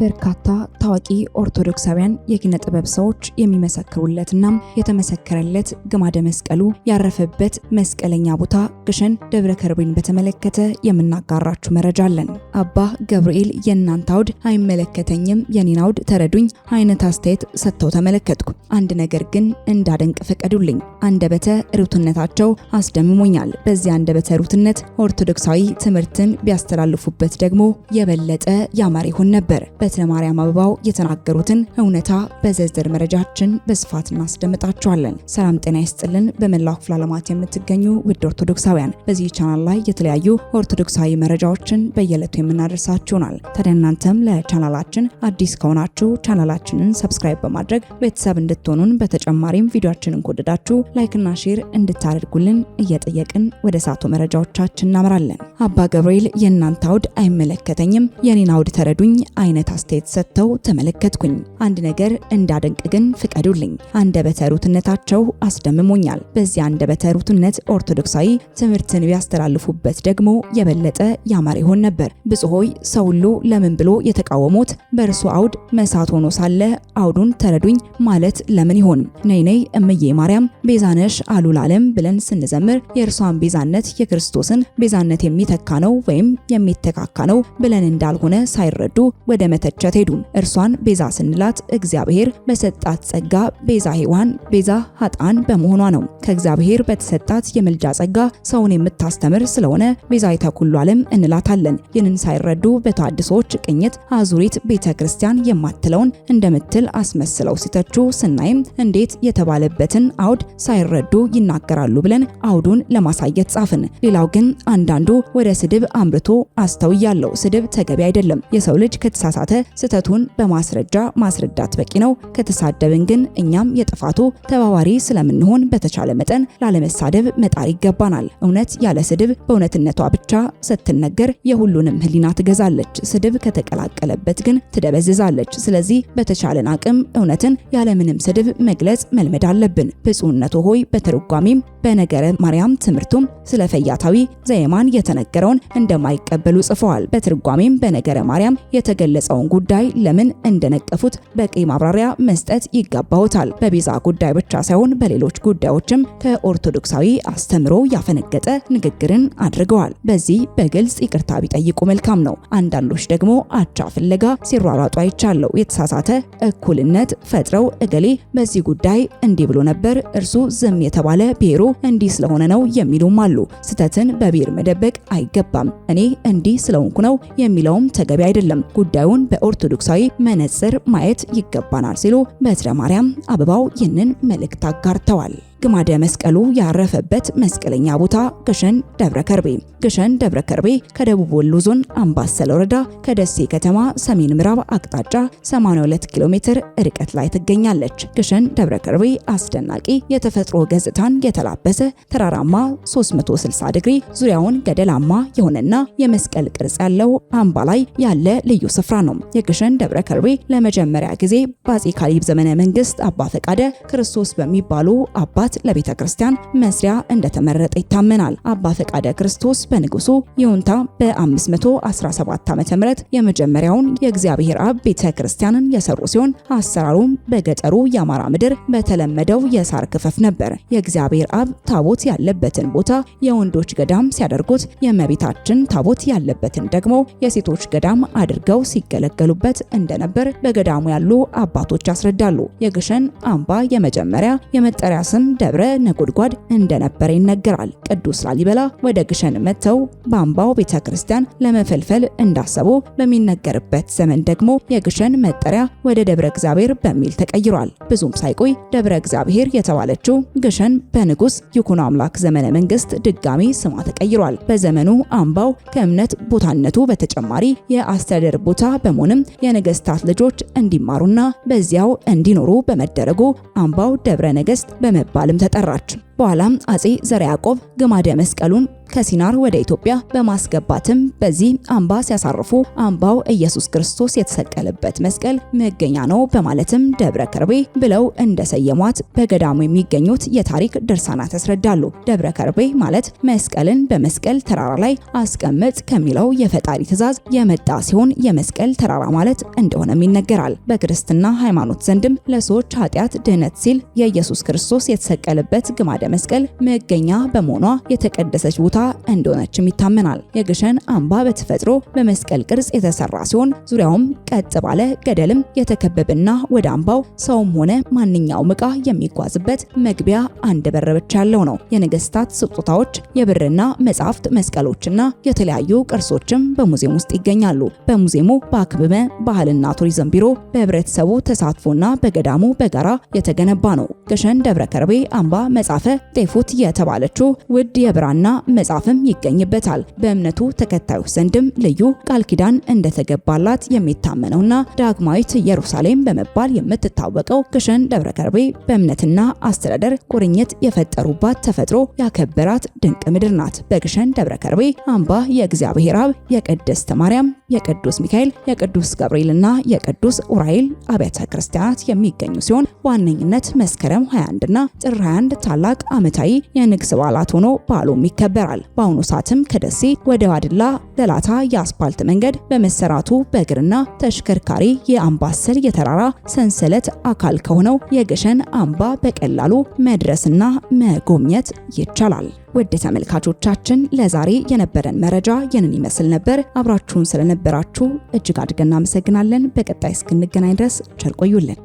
በርካታ ታዋቂ ኦርቶዶክሳውያን የኪነ ጥበብ ሰዎች የሚመሰክሩለትና የተመሰከረለት ግማደ መስቀሉ ያረፈበት መስቀለኛ ቦታ ግሸን ደብረ ከርቤን በተመለከተ የምናጋራችሁ መረጃ አለን። አባ ገብርኤል የእናንተ አውድ አይመለከተኝም፣ የኔን አውድ ተረዱኝ አይነት አስተያየት ሰጥተው ተመለከትኩ። አንድ ነገር ግን እንዳደንቅ ፈቀዱልኝ። አንደበተ ሩትነታቸው አስደምሞኛል። በዚህ አንደበተ ሩትነት ኦርቶዶክሳዊ ትምህርትን ቢያስተላልፉበት ደግሞ የበለጠ ያማረ ይሆን ነበር። በትረ ማርያም አበባው የተናገሩትን እውነታ በዝርዝር መረጃችን በስፋት እናስደምጣችኋለን። ሰላም ጤና ይስጥልን። በመላው ክፍለ ዓለማት የምትገኙ ውድ ኦርቶዶክሳውያን በዚህ ቻናል ላይ የተለያዩ ኦርቶዶክሳዊ መረጃዎችን በየለቱ የምናደርሳችሁናል። ታዲያ እናንተም ለቻናላችን አዲስ ከሆናችሁ ቻናላችንን ሰብስክራይብ በማድረግ ቤተሰብ እንድትሆኑን፣ በተጨማሪም ቪዲዮችንን ከወደዳችሁ ላይክና ሼር እንድታደርጉልን እየጠየቅን ወደ ሳቶ መረጃዎቻችን እናምራለን። አባ ገብርኤል የእናንተ አውድ አይመለከተኝም፣ የኔን አውድ ተረዱኝ አይነት አስተያየት ሰጥተው ተመለከትኩኝ። አንድ ነገር እንዳደንቅ ግን ፍቀዱልኝ። አንደበተ ሩትነታቸው አስደምሞኛል። በዚህ አንደበተ ሩትነት ኦርቶዶክሳዊ ትምህርትን ቢያስተላልፉበት ደግሞ የበለጠ ያማረ ይሆን ነበር። ብፁዕ ሆይ ሰው ሁሉ ለምን ብሎ የተቃወሙት በእርሱ አውድ መሳት ሆኖ ሳለ አውዱን ተረዱኝ ማለት ለምን ይሆን? ነይ ነይ እምዬ ማርያም ቤዛነሽ አሉ ለዓለም ብለን ስንዘምር የእርሷን ቤዛነት የክርስቶስን ቤዛነት የሚተካ ነው ወይም የሚተካካ ነው ብለን እንዳልሆነ ሳይረዱ ወደ መተቸት ሄዱ። እርሷን ቤዛ ስንላት እግዚአብሔር በሰጣት ጸጋ ቤዛ ሔዋን ቤዛ ሀጣን በመሆኗ ነው። ከእግዚአብሔር በተሰጣት የምልጃ ጸጋ ሰውን የምታስተምር ስለሆነ ቤዛይተ ኩሉ ዓለም እንላታለን። ይህንን ሳይረዱ በተሐድሶች ቅኝት አዙሪት ቤተ ክርስቲያን የማትለውን እንደምትል አስመስለው ሲተቹ ስናይም እንዴት የተባለበትን አውድ ሳይረዱ ይናገራሉ ብለን አውዱን ለማሳየት ጻፍን። ሌላው ግን አንዳንዱ ወደ ስድብ አምርቶ አስተውያለው ስድብ ተገቢ አይደለም። የሰው ልጅ ከተሳሳተ ስህተቱን በማስረጃ ማስረዳት በቂ ነው። ከተሳደብን ግን እኛም የጥፋቱ ተባባሪ ስለምንሆን በተቻለ መጠን ላለመሳደብ መጣር ይገባናል። እውነት ያለ ስድብ በእውነትነቷ ብቻ ስትነገር የሁሉንም ህሊና ትገዛለች፣ ስድብ ከተቀላቀለበት ግን ትደበዝዛለች። ስለዚህ በተቻለን አቅም እውነትን ያለምንም ስድብ መግለጽ መልመድ አለብን። ብፁዕነቶ ሆይ በትርጓሜም በነገረ ማርያም ትምህርቱም ስለ ፈያታዊ ዘየማን የተነገረውን እንደማይቀበሉ ጽፈዋል። በትርጓሜም በነገረ ማርያም የተገለጸውን ጉዳይ ለምን እንደነቀፉት በቂ ማብራሪያ መስጠት ይጋባውታል። በቤዛ ጉዳይ ብቻ ሳይሆን በሌሎች ጉዳዮችም ከኦርቶዶክሳዊ አስተምሮ ያፈነገጠ ንግግርን አድርገዋል። በዚህ በግልጽ ይቅርታ ቢጠይቁ መልክ መልካም ነው። አንዳንዶች ደግሞ አቻ ፍለጋ ሲሯሯጡ አይቻለው። የተሳሳተ እኩልነት ፈጥረው እገሌ በዚህ ጉዳይ እንዲህ ብሎ ነበር፣ እርሱ ዝም የተባለ ብሔሩ እንዲህ ስለሆነ ነው የሚሉም አሉ። ስህተትን በብሔር መደበቅ አይገባም። እኔ እንዲህ ስለሆንኩ ነው የሚለውም ተገቢ አይደለም። ጉዳዩን በኦርቶዶክሳዊ መነጽር ማየት ይገባናል ሲሉ በትረ ማርያም አበባው ይህንን መልእክት አጋርተዋል። ግማደ መስቀሉ ያረፈበት መስቀለኛ ቦታ ግሸን ደብረ ከርቤ። ግሸን ደብረ ከርቤ ከደቡብ ወሎ ዞን አምባሰል ወረዳ ከደሴ ከተማ ሰሜን ምዕራብ አቅጣጫ 82 ኪሎ ሜትር ርቀት ላይ ትገኛለች። ግሸን ደብረ ከርቤ አስደናቂ የተፈጥሮ ገጽታን የተላበሰ ተራራማ 360 ዲግሪ ዙሪያውን ገደላማ የሆነና የመስቀል ቅርጽ ያለው አምባ ላይ ያለ ልዩ ስፍራ ነው። የግሸን ደብረ ከርቤ ለመጀመሪያ ጊዜ በአፄ ካሊብ ዘመነ መንግስት አባ ፈቃደ ክርስቶስ በሚባሉ አባ። ለመምራት ለቤተ ክርስቲያን መስሪያ እንደተመረጠ ይታመናል። አባ ፈቃደ ክርስቶስ በንጉሱ ይሁንታ በ517 ዓ.ም የመጀመሪያውን የእግዚአብሔር አብ ቤተ ክርስቲያንን የሰሩ ሲሆን አሰራሩም በገጠሩ የአማራ ምድር በተለመደው የሳር ክፈፍ ነበር። የእግዚአብሔር አብ ታቦት ያለበትን ቦታ የወንዶች ገዳም ሲያደርጉት፣ የእመቤታችን ታቦት ያለበትን ደግሞ የሴቶች ገዳም አድርገው ሲገለገሉበት እንደነበር በገዳሙ ያሉ አባቶች ያስረዳሉ። የግሸን አምባ የመጀመሪያ የመጠሪያ ስም ደብረ ነጎድጓድ እንደነበረ ይነገራል። ቅዱስ ላሊበላ ወደ ግሸን መጥተው በአምባው ቤተክርስቲያን ለመፈልፈል እንዳሰቡ በሚነገርበት ዘመን ደግሞ የግሸን መጠሪያ ወደ ደብረ እግዚአብሔር በሚል ተቀይሯል። ብዙም ሳይቆይ ደብረ እግዚአብሔር የተባለችው ግሸን በንጉስ ይኩኖ አምላክ ዘመነ መንግስት ድጋሚ ስሟ ተቀይሯል። በዘመኑ አምባው ከእምነት ቦታነቱ በተጨማሪ የአስተዳደር ቦታ በመሆንም የነገስታት ልጆች እንዲማሩና በዚያው እንዲኖሩ በመደረጉ አምባው ደብረ ነገስት በመባል በመባልም ተጠራች። በኋላም አጼ ዘርዓ ያዕቆብ ግማደ መስቀሉን ከሲናር ወደ ኢትዮጵያ በማስገባትም በዚህ አምባ ሲያሳርፉ አምባው ኢየሱስ ክርስቶስ የተሰቀለበት መስቀል መገኛ ነው በማለትም ደብረ ከርቤ ብለው እንደሰየሟት በገዳሙ የሚገኙት የታሪክ ድርሳናት ያስረዳሉ። ደብረ ከርቤ ማለት መስቀልን በመስቀል ተራራ ላይ አስቀምጥ ከሚለው የፈጣሪ ትእዛዝ የመጣ ሲሆን የመስቀል ተራራ ማለት እንደሆነም ይነገራል። በክርስትና ሃይማኖት ዘንድም ለሰዎች ኃጢአት ድህነት ሲል የኢየሱስ ክርስቶስ የተሰቀለበት ግማደ መስቀል መገኛ በመሆኗ የተቀደሰች ቦታ እንደሆነችም ይታመናል። የግሸን አምባ በተፈጥሮ በመስቀል ቅርጽ የተሰራ ሲሆን ዙሪያውም ቀጥ ባለ ገደልም የተከበበና ወደ አምባው ሰውም ሆነ ማንኛውም ዕቃ የሚጓዝበት መግቢያ አንድ በር ብቻ ያለው ነው። የነገስታት ስጦታዎች፣ የብርና መጻሕፍት፣ መስቀሎችና የተለያዩ ቅርሶችም በሙዚየም ውስጥ ይገኛሉ። በሙዚየሙ በአክብመ ባህልና ቱሪዝም ቢሮ በህብረተሰቡ ተሳትፎና በገዳሙ በጋራ የተገነባ ነው። ግሸን ደብረ ከርቤ አምባ መጻፈ ጤፉት የተባለችው ውድ የብራና መ መጽሐፍም ይገኝበታል። በእምነቱ ተከታዮች ዘንድም ልዩ ቃል ኪዳን እንደተገባላት የሚታመነውና ዳግማዊት ኢየሩሳሌም በመባል የምትታወቀው ግሸን ደብረ ከርቤ በእምነትና አስተዳደር ቁርኝት የፈጠሩባት ተፈጥሮ ያከበራት ድንቅ ምድር ናት። በግሸን ደብረ ከርቤ አምባ የእግዚአብሔር አብ የቅድስት ማርያም የቅዱስ ሚካኤል፣ የቅዱስ ገብርኤል እና የቅዱስ ኡራኤል አብያተ ክርስቲያናት የሚገኙ ሲሆን በዋነኝነት መስከረም 21ና ጥር 21 ታላቅ ዓመታዊ የንግስ በዓላት ሆኖ በዓሉም ይከበራል። በአሁኑ ሰዓትም ከደሴ ወደ ዋድላ ደላታ የአስፓልት መንገድ በመሰራቱ በእግርና ተሽከርካሪ የአምባሰል የተራራ ሰንሰለት አካል ከሆነው የግሸን አምባ በቀላሉ መድረስና መጎብኘት ይቻላል። ውድ ተመልካቾቻችን ለዛሬ የነበረን መረጃ ይህንን ይመስል ነበር። አብራችሁን ስለነበራችሁ እጅግ አድርገን እናመሰግናለን። በቀጣይ እስክንገናኝ ድረስ ቸር ቆዩልን።